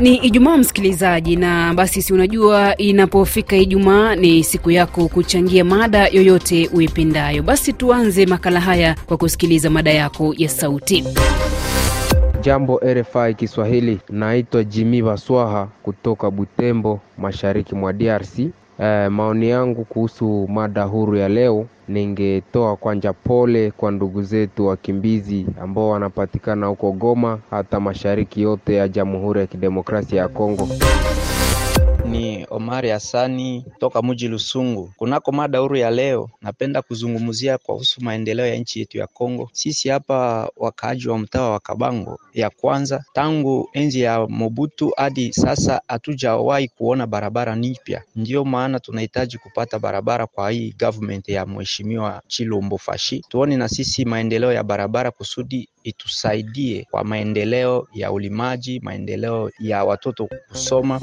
Ni Ijumaa msikilizaji, na basi si unajua, inapofika Ijumaa ni siku yako kuchangia mada yoyote uipendayo. Basi tuanze makala haya kwa kusikiliza mada yako ya sauti. Jambo RFI Kiswahili, naitwa Jimi Baswaha kutoka Butembo, mashariki mwa DRC. Eh, maoni yangu kuhusu mada huru ya leo, ningetoa kwanja pole kwa ndugu zetu wakimbizi ambao wanapatikana huko Goma, hata mashariki yote ya Jamhuri ya Kidemokrasia ya Kongo ni Omari Hassani toka mji Lusungu. Kunako mada huru ya leo, napenda kuzungumzia kuhusu maendeleo ya nchi yetu ya Kongo. Sisi hapa wakaaji wa mtaa wa Kabango ya kwanza, tangu enzi ya Mobutu hadi sasa hatujawahi kuona barabara nipya. Ndiyo maana tunahitaji kupata barabara kwa hii government ya mheshimiwa Chilombo Fashi, tuone na sisi maendeleo ya barabara kusudi itusaidie kwa maendeleo ya ulimaji, maendeleo ya watoto kusoma.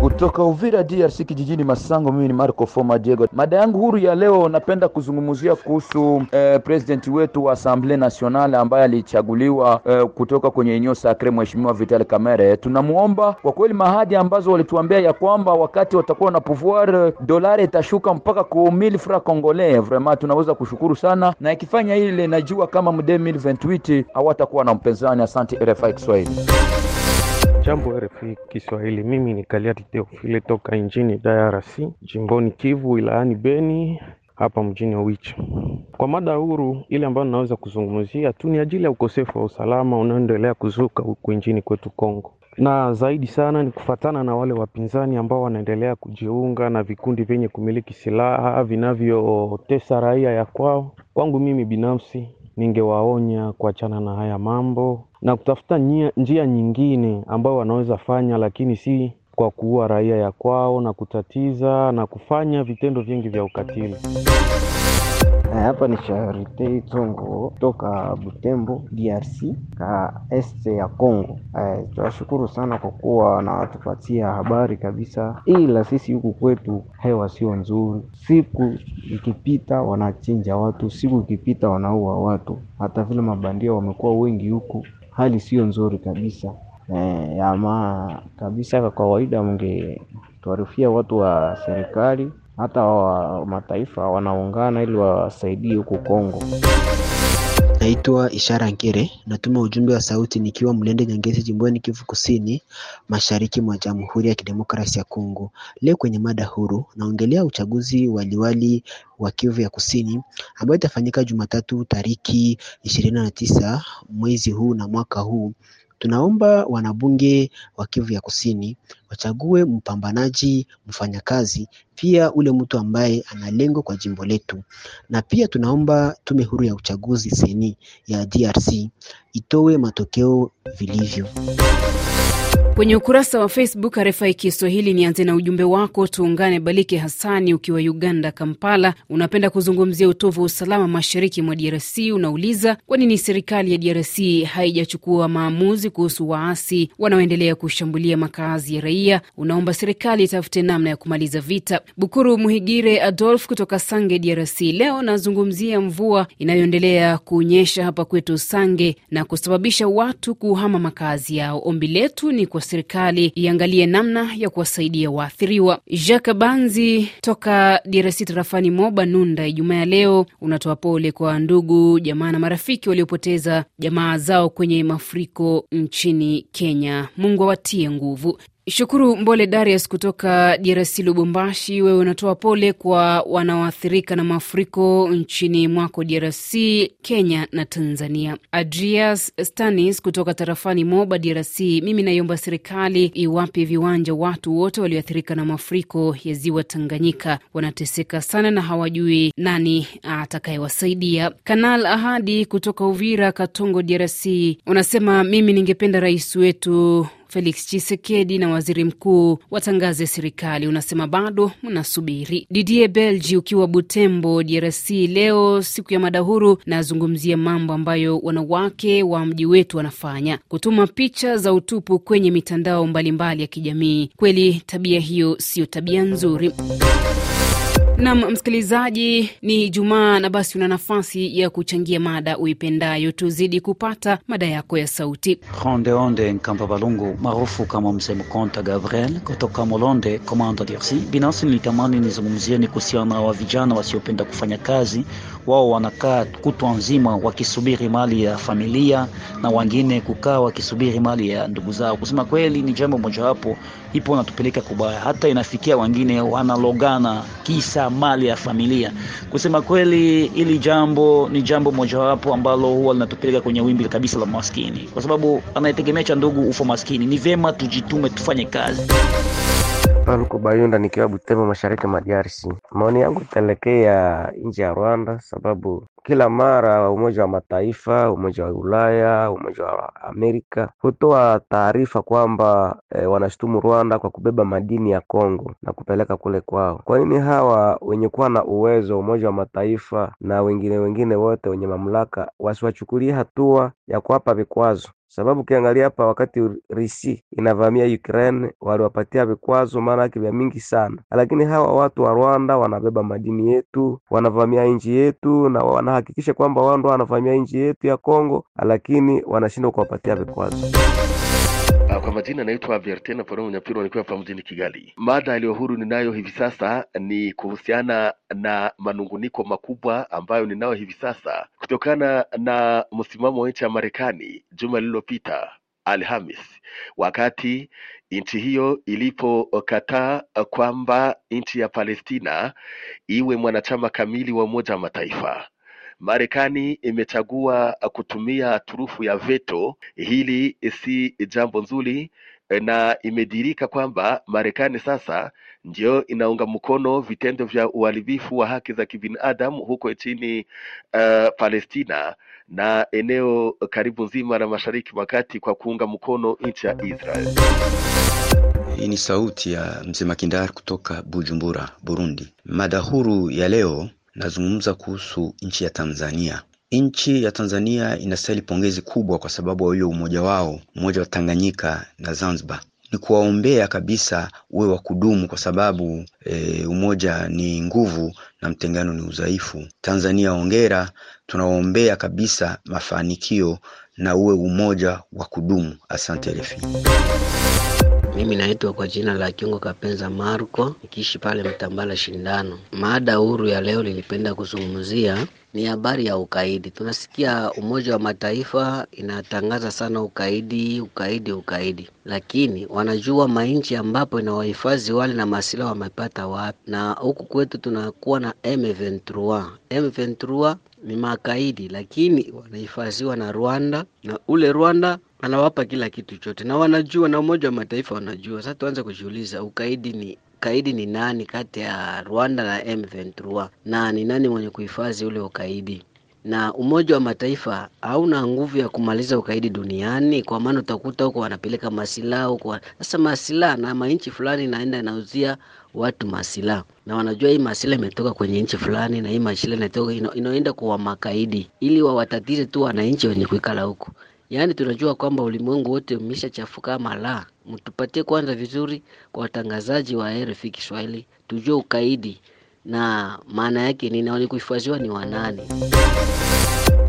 Kutoka Uvira DRC kijijini Masango, mimi ni Marco Foma Diego. Mada yangu huru ya leo napenda kuzungumzia kuhusu eh, president wetu wa Assemblée Nationale ambaye alichaguliwa eh, kutoka kwenye eneo sacre mheshimiwa Vital kamere Tunamuomba kwa kweli, mahadi ambazo walituambia ya kwamba wakati watakuwa na pouvoir dolari itashuka mpaka ku 1000 fra congolais, vraiment tunaweza kushukuru sana, na ikifanya ile najua kama 2028 hawatakuwa na mpenzani Asante RFI Kiswahili. Jambo RFI Kiswahili, mimi ni Kaliati Teofile toka injini DRC, jimboni Kivu, wilayani Beni, hapa mjini Oicha. Kwa mada huru ile ambayo ninaweza kuzungumzia tu ni ajili ya ukosefu wa usalama unaoendelea kuzuka huku injini kwetu Kongo, na zaidi sana ni kufatana na wale wapinzani ambao wanaendelea kujiunga na vikundi vyenye kumiliki silaha vinavyotesa raia ya kwao. Kwangu mimi binafsi ningewaonya kuachana na haya mambo na kutafuta njia, njia nyingine ambayo wanaweza fanya, lakini si kwa kuua raia ya kwao na kutatiza na kufanya vitendo vingi vya ukatili. Hapa ni Charite tongo toka Butembo, DRC ka este ya Congo. Eh, tunashukuru sana kwa kuwa wanatupatia habari kabisa, ila sisi huku kwetu hewa sio nzuri. Siku ikipita wanachinja watu, siku ikipita wanaua watu, hata vile mabandia wamekuwa wengi huku, hali sio nzuri kabisa. Eh, ama kabisa, kwa kawaida mngetuarifia watu wa serikali hata wa mataifa wanaungana ili wasaidie huko Kongo. Naitwa Ishara Ngire, natuma ujumbe wa sauti nikiwa Mlende Nyangezi, jimboni Kivu Kusini, mashariki mwa Jamhuri ya Kidemokrasi ya Kongo. Leo kwenye mada huru naongelea uchaguzi wa liwali wa Kivu ya Kusini ambayo itafanyika Jumatatu tariki ishirini na tisa mwezi huu na mwaka huu. Tunaomba wanabunge wa Kivu ya Kusini wachague mpambanaji, mfanyakazi, pia ule mtu ambaye ana lengo kwa jimbo letu, na pia tunaomba tume huru ya uchaguzi seni ya DRC itoe matokeo vilivyo. Kwenye ukurasa wa Facebook arefai Kiswahili, nianze na ujumbe wako. Tuungane Balike Hasani ukiwa Uganda, Kampala. Unapenda kuzungumzia utovu wa usalama mashariki mwa DRC. Unauliza kwa nini serikali ya DRC haijachukua maamuzi kuhusu waasi wanaoendelea kushambulia makazi ya raia. Unaomba serikali itafute namna ya kumaliza vita. Bukuru Muhigire Adolf kutoka Sange, DRC. Leo nazungumzia mvua inayoendelea kunyesha hapa kwetu Sange na kusababisha watu kuhama makazi yao. Ombi letu ni kwa serikali iangalie namna ya kuwasaidia waathiriwa. Jacques Banzi toka DRC tarafani Moba Nunda, Ijumaa ya leo unatoa pole kwa ndugu jamaa na marafiki waliopoteza jamaa zao kwenye mafuriko nchini Kenya. Mungu awatie nguvu. Shukuru Mbole Darius kutoka DRC Lubumbashi, wewe unatoa pole kwa wanaoathirika na mafuriko nchini mwako DRC, Kenya na Tanzania. Adrias Stanis kutoka tarafani Moba, DRC, mimi naiomba serikali iwape viwanja watu wote walioathirika na mafuriko ya ziwa Tanganyika. Wanateseka sana na hawajui nani atakayewasaidia. Kanal Ahadi kutoka Uvira, Katongo, DRC, unasema mimi ningependa rais wetu Felix Chisekedi na waziri mkuu watangaze serikali, unasema bado mnasubiri. Didie Belgi ukiwa Butembo, DRC, leo siku ya mada huru, nazungumzia mambo ambayo wanawake wa mji wetu wanafanya, kutuma picha za utupu kwenye mitandao mbalimbali mbali ya kijamii. Kweli tabia hiyo siyo tabia nzuri. Nam msikilizaji, ni Jumaa na basi una nafasi ya kuchangia mada uipendayo. Tuzidi kupata mada yako ya sauti. Onde Nkamba Balungu maarufu kama Msemkonta Gabriel kutoka Molonde Komando, DRC. Binafsi nilitamani nizungumzie ni kuhusiana wa vijana wasiopenda kufanya kazi. Wao wanakaa kutwa nzima wakisubiri mali ya familia na wengine kukaa wakisubiri mali ya ndugu zao. Kusema kweli, ni jambo mojawapo ipo natupeleka kubaya, hata inafikia wengine wanalogana kisa mali ya familia. Kusema kweli, ili jambo ni jambo mojawapo ambalo huwa linatupeleka kwenye wimbi kabisa la maskini, kwa sababu anayetegemea cha ndugu ufo maskini. Ni vyema tujitume, tufanye kazi. Paluko Bayunda nikiwa Butembo, mashariki majarsi Maoni yangu itaelekea nje ya Rwanda, sababu kila mara Umoja wa Mataifa, Umoja wa Ulaya, Umoja wa Amerika hutoa taarifa kwamba e, wanashutumu Rwanda kwa kubeba madini ya Kongo na kupeleka kule kwao. Kwa nini hawa wenye kuwa na uwezo Umoja wa Mataifa na wengine wengine wote wenye mamlaka wasiwachukulie hatua ya kuwapa vikwazo? Sababu ukiangalia hapa, wakati rusi inavamia Ukraine waliwapatia vikwazo maana yake vya mingi sana, lakini hawa watu wa Rwanda wanabeba madini yetu, wanavamia nchi yetu na wana wanahakikisha kwamba wao ndo wanavamia nchi yetu ya Kongo, lakini wanashindwa kuwapatia vikwazo. Ah, kwa majina naitwa Bertena Poro Mnyapiro, nikiwa hapa mjini Kigali. Mada iliyo ninayo hivi sasa ni kuhusiana na manunguniko makubwa ambayo ninayo hivi sasa kutokana na msimamo wa nchi ya Marekani juma lililopita Alhamis, wakati nchi hiyo ilipokataa kwamba nchi ya Palestina iwe mwanachama kamili wa Umoja wa Mataifa. Marekani imechagua kutumia turufu ya veto. Hili si jambo nzuri eh, na imedirika kwamba Marekani sasa ndio inaunga mkono vitendo vya uharibifu wa haki za kibinadamu huko nchini uh, Palestina na eneo karibu nzima la Mashariki makati kwa kuunga mkono nchi ya Israel. Hii ni sauti ya mzee Makindar kutoka Bujumbura, Burundi. Mada huru ya leo Nazungumza kuhusu nchi ya Tanzania. Nchi ya Tanzania inastahili pongezi kubwa kwa sababu ya umoja wao, umoja wa Tanganyika na Zanzibar. Ni kuwaombea kabisa uwe wa kudumu, kwa sababu e, umoja ni nguvu na mtengano ni udhaifu. Tanzania ongera tunawaombea kabisa mafanikio na uwe umoja wa kudumu. Asante RFI. Mimi naitwa kwa jina la Kiungo Kapenza Marco, nikiishi pale Mtambala Shindano. Maada huru ya leo nilipenda kuzungumzia ni habari ya ukaidi. Tunasikia Umoja wa Mataifa inatangaza sana ukaidi, ukaidi, ukaidi, lakini wanajua mainchi ambapo ina wahifadhi wale na masila wamepata wapi? Na huku kwetu tunakuwa na M23. M23 ni makaidi, lakini wanahifadhiwa na Rwanda na ule Rwanda anawapa kila kitu chote, na wanajua, na Umoja wa Mataifa wanajua. Sasa tuanze kujiuliza ukaidi ni kaidi ni nani kati ya Rwanda na M23, na ni nani mwenye kuhifadhi ule ukaidi? Na Umoja wa Mataifa hauna nguvu ya kumaliza ukaidi duniani, kwa maana utakuta huko wanapeleka masilaha huko. Sasa masilaha na manchi fulani naenda inauzia watu masila na wanajua hii masila imetoka kwenye nchi fulani na hii masila inatoka inaenda kwa makaidi ili wawatatize tu wananchi wenye kuikala huko. Yaani tunajua kwamba ulimwengu wote umeshachafuka ama la. Mtupatie kwanza vizuri kwa watangazaji wa RFI Kiswahili tujue ukaidi na maana yake nini, walikuhifadhiwa ni wanani?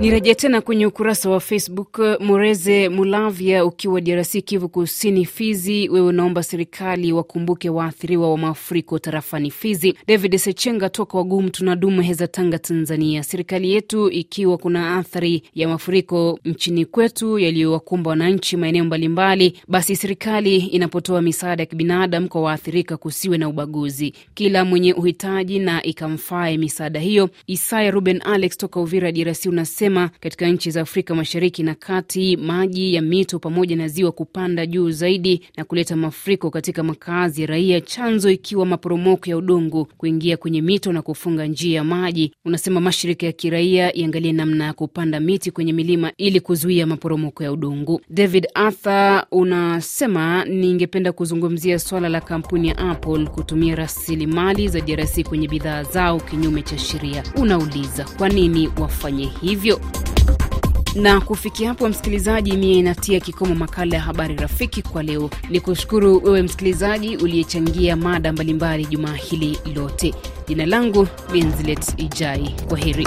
Nirejea tena kwenye ukurasa wa Facebook. Mureze Mulavya ukiwa DRC, Kivu Kusini, Fizi, wewe unaomba serikali wakumbuke waathiriwa wa mafuriko tarafani Fizi. David Sechenga toka wagumu tunadumu Heza, Tanga, Tanzania, serikali yetu ikiwa kuna athari ya mafuriko nchini kwetu yaliyowakumba wananchi maeneo mbalimbali, basi serikali inapotoa misaada ya kibinadamu kwa waathirika kusiwe na ubaguzi, kila mwenye uhitaji na ikamfae misaada hiyo. Isaya Ruben Alex toka Uvira DRC unasema amesema katika nchi za Afrika Mashariki na Kati maji ya mito pamoja na ziwa kupanda juu zaidi na kuleta mafuriko katika makazi ya raia, chanzo ikiwa maporomoko ya udongo kuingia kwenye mito na kufunga njia ya maji. Unasema mashirika ya kiraia iangalie namna ya kupanda miti kwenye milima ili kuzuia maporomoko ya udongo. David Arthur unasema ningependa kuzungumzia swala la kampuni ya Apple kutumia rasilimali za DRC kwenye bidhaa zao kinyume cha sheria. Unauliza kwa nini wafanye hivyo? hiyo. Na kufikia hapo, msikilizaji, mie inatia kikomo makala ya habari rafiki kwa leo. Ni kushukuru wewe msikilizaji uliyechangia mada mbalimbali jumaa hili lote. Jina langu Minzilet Ijai, kwa heri.